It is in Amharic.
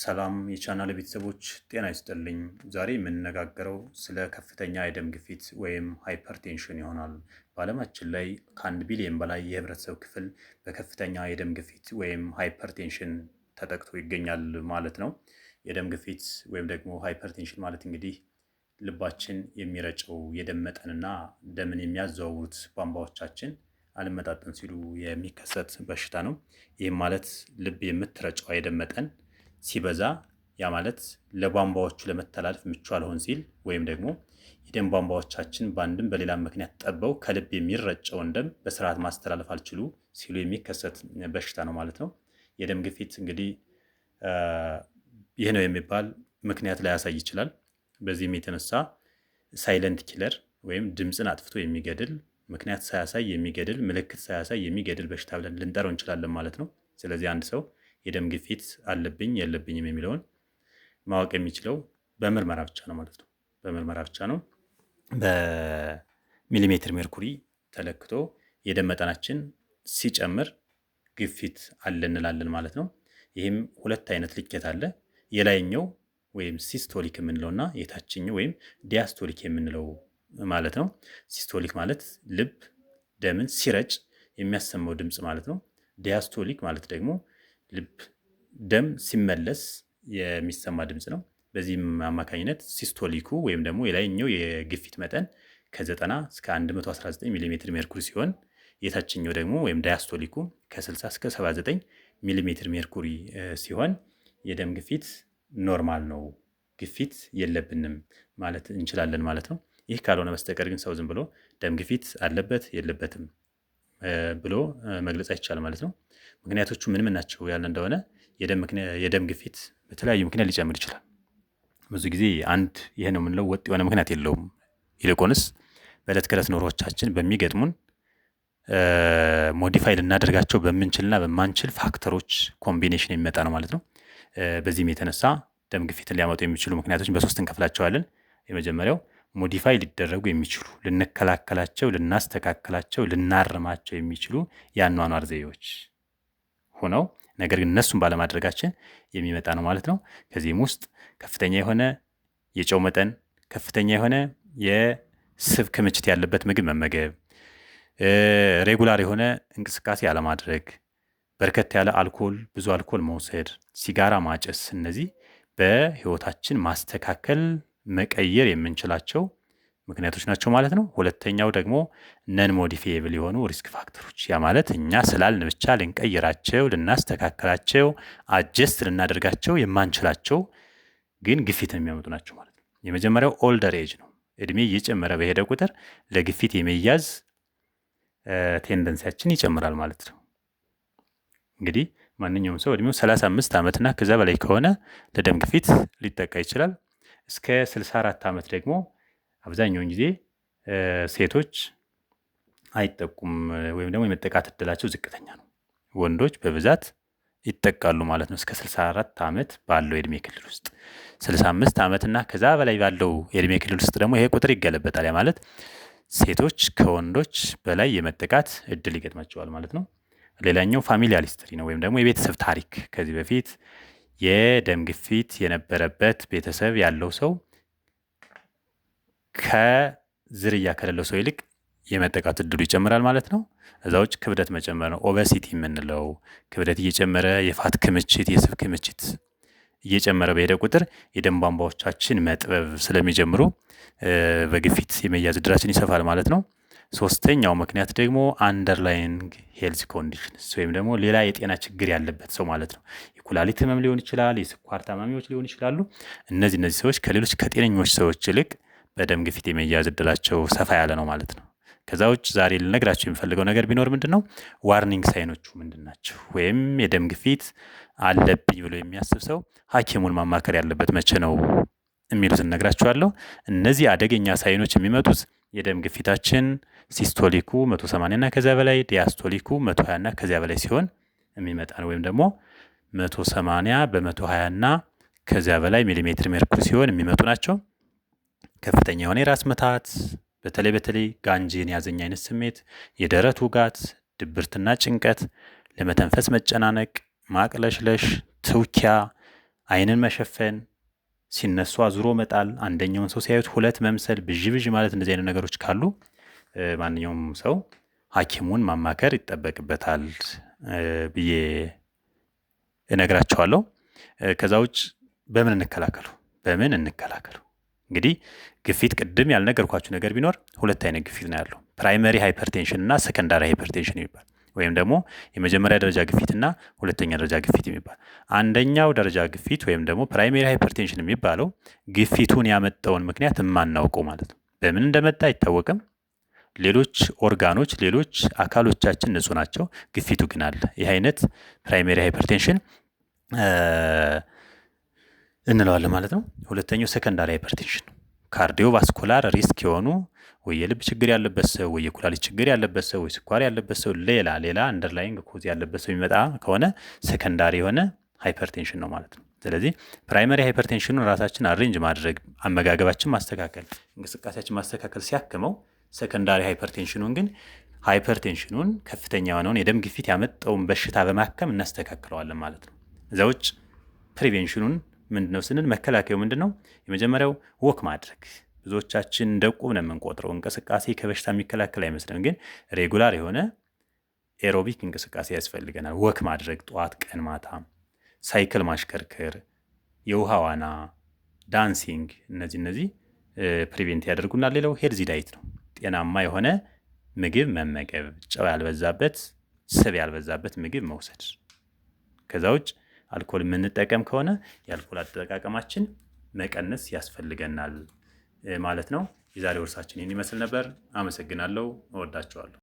ሰላም የቻናል ቤተሰቦች ጤና ይስጥልኝ። ዛሬ የምንነጋገረው ስለ ከፍተኛ የደም ግፊት ወይም ሃይፐርቴንሽን ይሆናል። በዓለማችን ላይ ከአንድ ቢሊዮን በላይ የህብረተሰብ ክፍል በከፍተኛ የደም ግፊት ወይም ሃይፐርቴንሽን ተጠቅቶ ይገኛል ማለት ነው። የደም ግፊት ወይም ደግሞ ሃይፐርቴንሽን ማለት እንግዲህ ልባችን የሚረጨው የደም መጠንና ደምን የሚያዘዋውሩት ቧንቧዎቻችን አልመጣጠን ሲሉ የሚከሰት በሽታ ነው። ይህም ማለት ልብ የምትረጨው የደም መጠን ሲበዛ ያ ማለት ለቧንቧዎቹ ለመተላለፍ ምቹ አልሆን ሲል ወይም ደግሞ የደም ቧንቧዎቻችን በአንድም በሌላ ምክንያት ጠበው ከልብ የሚረጨውን ደም በስርዓት ማስተላለፍ አልችሉ ሲሉ የሚከሰት በሽታ ነው ማለት ነው። የደም ግፊት እንግዲህ ይህ ነው የሚባል ምክንያት ላያሳይ ይችላል። በዚህም የተነሳ ሳይለንት ኪለር ወይም ድምፅን አጥፍቶ የሚገድል ምክንያት ሳያሳይ የሚገድል ምልክት ሳያሳይ የሚገድል በሽታ ብለን ልንጠረው እንችላለን ማለት ነው። ስለዚህ አንድ ሰው የደም ግፊት አለብኝ የለብኝም የሚለውን ማወቅ የሚችለው በምርመራ ብቻ ነው ማለት ነው። በምርመራ ብቻ ነው። በሚሊሜትር ሜርኩሪ ተለክቶ የደም መጠናችን ሲጨምር ግፊት አለ እንላለን ማለት ነው። ይህም ሁለት አይነት ልኬት አለ። የላይኛው ወይም ሲስቶሊክ የምንለው እና የታችኛው ወይም ዲያስቶሊክ የምንለው ማለት ነው። ሲስቶሊክ ማለት ልብ ደምን ሲረጭ የሚያሰማው ድምፅ ማለት ነው። ዲያስቶሊክ ማለት ደግሞ ልብ ደም ሲመለስ የሚሰማ ድምፅ ነው። በዚህም አማካኝነት ሲስቶሊኩ ወይም ደግሞ የላይኛው የግፊት መጠን ከ90 እስከ 119 ሚሊ ሜትር ሜርኩሪ ሲሆን የታችኛው ደግሞ ወይም ዳያስቶሊኩ ከ60 እስከ 79 ሚሊ ሜትር ሜርኩሪ ሲሆን የደም ግፊት ኖርማል ነው፣ ግፊት የለብንም ማለት እንችላለን ማለት ነው። ይህ ካልሆነ በስተቀር ግን ሰው ዝም ብሎ ደም ግፊት አለበት የለበትም ብሎ መግለጽ አይቻልም ማለት ነው። ምክንያቶቹ ምን ምን ናቸው ያለ እንደሆነ የደም ግፊት በተለያዩ ምክንያት ሊጨምር ይችላል። ብዙ ጊዜ አንድ ይህን የምንለው ወጥ የሆነ ምክንያት የለውም። ይልቁንስ በዕለት ከዕለት ኑሮቻችን በሚገጥሙን ሞዲፋይ ልናደርጋቸው በምንችልና በማንችል ፋክተሮች ኮምቢኔሽን የሚመጣ ነው ማለት ነው። በዚህም የተነሳ ደም ግፊትን ሊያመጡ የሚችሉ ምክንያቶችን በሶስት እንከፍላቸዋለን። የመጀመሪያው ሞዲፋይ ሊደረጉ የሚችሉ ልንከላከላቸው፣ ልናስተካከላቸው፣ ልናርማቸው የሚችሉ የአኗኗር ዘዴዎች ሆነው ነገር ግን እነሱን ባለማድረጋችን የሚመጣ ነው ማለት ነው። ከዚህም ውስጥ ከፍተኛ የሆነ የጨው መጠን፣ ከፍተኛ የሆነ የስብ ክምችት ያለበት ምግብ መመገብ፣ ሬጉላር የሆነ እንቅስቃሴ አለማድረግ፣ በርከት ያለ አልኮል፣ ብዙ አልኮል መውሰድ፣ ሲጋራ ማጨስ፣ እነዚህ በህይወታችን ማስተካከል መቀየር የምንችላቸው ምክንያቶች ናቸው ማለት ነው። ሁለተኛው ደግሞ ነን ሞዲፌብል የሆኑ ሪስክ ፋክተሮች፣ ያ ማለት እኛ ስላልን ብቻ ልንቀይራቸው፣ ልናስተካከላቸው፣ አጀስት ልናደርጋቸው የማንችላቸው ግን ግፊት የሚያመጡ ናቸው ማለት ነው። የመጀመሪያው ኦልደር ኤጅ ነው። እድሜ እየጨመረ በሄደ ቁጥር ለግፊት የመያዝ ቴንደንሲያችን ይጨምራል ማለት ነው። እንግዲህ ማንኛውም ሰው እድሜው 35 ዓመትና ከዛ በላይ ከሆነ ለደም ግፊት ሊጠቃ ይችላል። እስከ 64 ዓመት ደግሞ አብዛኛውን ጊዜ ሴቶች አይጠቁም ወይም ደግሞ የመጠቃት እድላቸው ዝቅተኛ ነው። ወንዶች በብዛት ይጠቃሉ ማለት ነው። እስከ 64 ዓመት ባለው የእድሜ ክልል ውስጥ 65 ዓመት እና ከዛ በላይ ባለው የእድሜ ክልል ውስጥ ደግሞ ይሄ ቁጥር ይገለበጣል። ያ ማለት ሴቶች ከወንዶች በላይ የመጠቃት እድል ይገጥማቸዋል ማለት ነው። ሌላኛው ፋሚሊያል ሂስትሪ ነው ወይም ደግሞ የቤተሰብ ታሪክ ከዚህ በፊት የደም ግፊት የነበረበት ቤተሰብ ያለው ሰው ከዝርያ ከሌለው ሰው ይልቅ የመጠቃት እድሉ ይጨምራል ማለት ነው። እዛ ውጭ ክብደት መጨመር ነው ኦበሲቲ የምንለው ክብደት እየጨመረ የፋት ክምችት፣ የስብ ክምችት እየጨመረ በሄደ ቁጥር የደም ቧንቧዎቻችን መጥበብ ስለሚጀምሩ በግፊት የመያዝ እድላችን ይሰፋል ማለት ነው። ሶስተኛው ምክንያት ደግሞ አንደርላይንግ ሄልዝ ኮንዲሽንስ ወይም ደግሞ ሌላ የጤና ችግር ያለበት ሰው ማለት ነው። የኩላሊት ህመም ሊሆን ይችላል፣ የስኳር ታማሚዎች ሊሆን ይችላሉ። እነዚህ እነዚህ ሰዎች ከሌሎች ከጤነኞች ሰዎች ይልቅ በደም ግፊት የመያዝ እድላቸው ሰፋ ያለ ነው ማለት ነው። ከዛ ውጭ ዛሬ ልነግራቸው የሚፈልገው ነገር ቢኖር ምንድን ነው ዋርኒንግ ሳይኖቹ ምንድን ናቸው? ወይም የደም ግፊት አለብኝ ብሎ የሚያስብ ሰው ሐኪሙን ማማከር ያለበት መቼ ነው የሚሉትን እነግራችኋለሁ። እነዚህ አደገኛ ሳይኖች የሚመጡት የደም ግፊታችን ሲስቶሊኩ 180 እና ከዚያ በላይ ዲያስቶሊኩ 120 እና ከዚያ በላይ ሲሆን የሚመጣ ነው። ወይም ደግሞ 180 በ120 እና ከዚያ በላይ ሚሊሜትር ሜርኩሪ ሲሆን የሚመጡ ናቸው። ከፍተኛ የሆነ የራስ ምታት፣ በተለይ በተለይ ጋንጂን ያዘኝ አይነት ስሜት፣ የደረት ውጋት፣ ድብርትና ጭንቀት፣ ለመተንፈስ መጨናነቅ፣ ማቅለሽለሽ፣ ትውኪያ፣ አይንን መሸፈን ሲነሱ አዙሮ መጣል፣ አንደኛውን ሰው ሲያዩት ሁለት መምሰል፣ ብዥ ብዥ ማለት እንደዚህ አይነት ነገሮች ካሉ ማንኛውም ሰው ሐኪሙን ማማከር ይጠበቅበታል ብዬ እነግራቸዋለሁ። ከዛ ውጭ በምን እንከላከሉ በምን እንከላከሉ? እንግዲህ ግፊት ቅድም ያልነገርኳችሁ ነገር ቢኖር ሁለት አይነት ግፊት ነው ያለው፣ ፕራይመሪ ሃይፐርቴንሽን እና ሰከንዳሪ ሃይፐርቴንሽን ይባል ወይም ደግሞ የመጀመሪያ ደረጃ ግፊትና ሁለተኛ ደረጃ ግፊት የሚባል አንደኛው ደረጃ ግፊት ወይም ደግሞ ፕራይሜሪ ሃይፐርቴንሽን የሚባለው ግፊቱን ያመጣውን ምክንያት የማናውቀው ማለት ነው። በምን እንደመጣ አይታወቅም። ሌሎች ኦርጋኖች፣ ሌሎች አካሎቻችን ንጹህ ናቸው፣ ግፊቱ ግን አለ። ይህ አይነት ፕራይሜሪ ሃይፐርቴንሽን እንለዋለን ማለት ነው። ሁለተኛው ሰከንዳሪ ሃይፐርቴንሽን ካርዲዮቫስኩላር ሪስክ የሆኑ ወይ የልብ ችግር ያለበት ሰው ወይ የኩላሊት ችግር ያለበት ሰው ወይ ስኳር ያለበት ሰው ሌላ ሌላ አንደርላይንግ ኮዝ ያለበት ሰው የሚመጣ ከሆነ ሰከንዳሪ የሆነ ሃይፐርቴንሽን ነው ማለት ነው። ስለዚህ ፕራይመሪ ሃይፐርቴንሽኑን ራሳችን አሬንጅ ማድረግ፣ አመጋገባችን ማስተካከል፣ እንቅስቃሴያችን ማስተካከል ሲያክመው ሰከንዳሪ ሃይፐርቴንሽኑን ግን ሃይፐርቴንሽኑን ከፍተኛ የሆነውን የደም ግፊት ያመጣውን በሽታ በማከም እናስተካክለዋለን ማለት ነው። እዛ ውጭ ፕሪቬንሽኑን ምንድነው ስንል መከላከያው ምንድነው? የመጀመሪያው ወክ ማድረግ ብዙዎቻችን እንደ ቁም ነው የምንቆጥረው። እንቅስቃሴ ከበሽታ የሚከላከል አይመስልም ግን ሬጉላር የሆነ ኤሮቢክ እንቅስቃሴ ያስፈልገናል። ወክ ማድረግ ጠዋት፣ ቀን፣ ማታ፣ ሳይክል ማሽከርከር፣ የውሃ ዋና፣ ዳንሲንግ፣ እነዚህ እነዚህ ፕሪቬንት ያደርጉናል። ሌላው ሄልዚ ዳይት ነው፣ ጤናማ የሆነ ምግብ መመገብ፣ ጨው ያልበዛበት ስብ ያልበዛበት ምግብ መውሰድ ከዛ ውጭ አልኮል የምንጠቀም ከሆነ የአልኮል አጠቃቀማችን መቀነስ ያስፈልገናል ማለት ነው። የዛሬው እርሳችን ይህን ይመስል ነበር። አመሰግናለሁ። እወዳችኋለሁ።